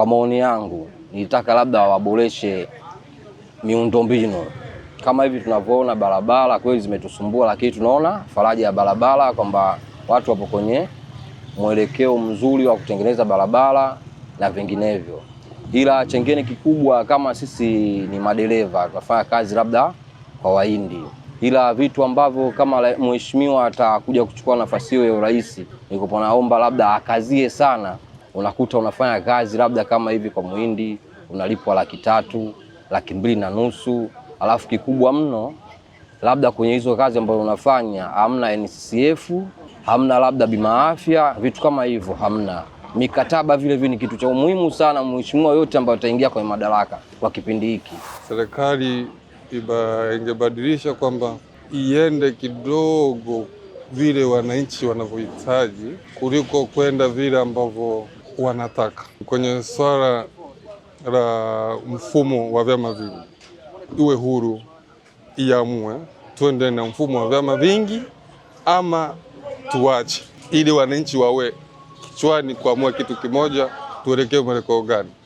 kwa maoni yangu nilitaka labda waboreshe miundombinu kama hivi tunavyoona, barabara kweli zimetusumbua, lakini tunaona faraja ya barabara kwamba watu wapo kwenye mwelekeo mzuri wa kutengeneza barabara na vinginevyo, ila chengene kikubwa kama sisi ni madereva tunafanya kazi labda kwa Wahindi, ila vitu ambavyo kama mheshimiwa atakuja kuchukua nafasi hiyo ya urais, nilikuwa naomba labda akazie sana unakuta unafanya kazi labda kama hivi kwa muhindi unalipwa laki tatu, laki mbili na nusu, alafu kikubwa mno labda kwenye hizo kazi ambazo unafanya hamna NCCF, hamna labda bima afya, vitu kama hivyo hamna mikataba vile vile ni kitu cha umuhimu sana, mheshimiwa yote ambayo ataingia kwenye madaraka kwa kipindi hiki. Serikali ingebadilisha kwamba iende kidogo vile wananchi wanavyohitaji kuliko kwenda vile ambavyo wanataka. Kwenye swala la mfumo wa vyama vingi, iwe huru iamue tuende na mfumo wa vyama vingi ama tuwache, ili wananchi wawe kichwani kuamua kitu kimoja, tuelekee mwelekeo gani.